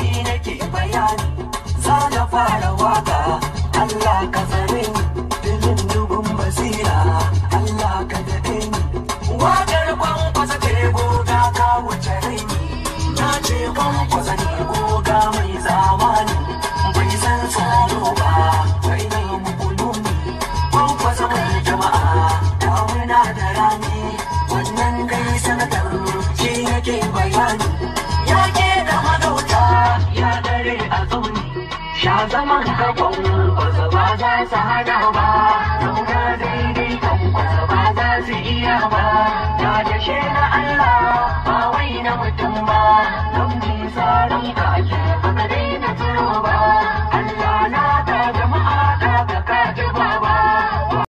ni nake bayani sana fara waka Allah ka tsare ni filin dubun basira Allah ka daɗe ni wakar kwankwasa ce goga ka wuce raini na ce kwankwasa ne goga mai zamani bai san tsoro ba bai ne mukulumi kwankwasa mai jama'a damuna da rani wannan gaisa na shi nake bayani ya tare a tsauni sha zaman ka kwankwasa ba za su hana ba zauna daidai kwankwasa ba za su iya ba ta da na Allah ba wai na mutum ba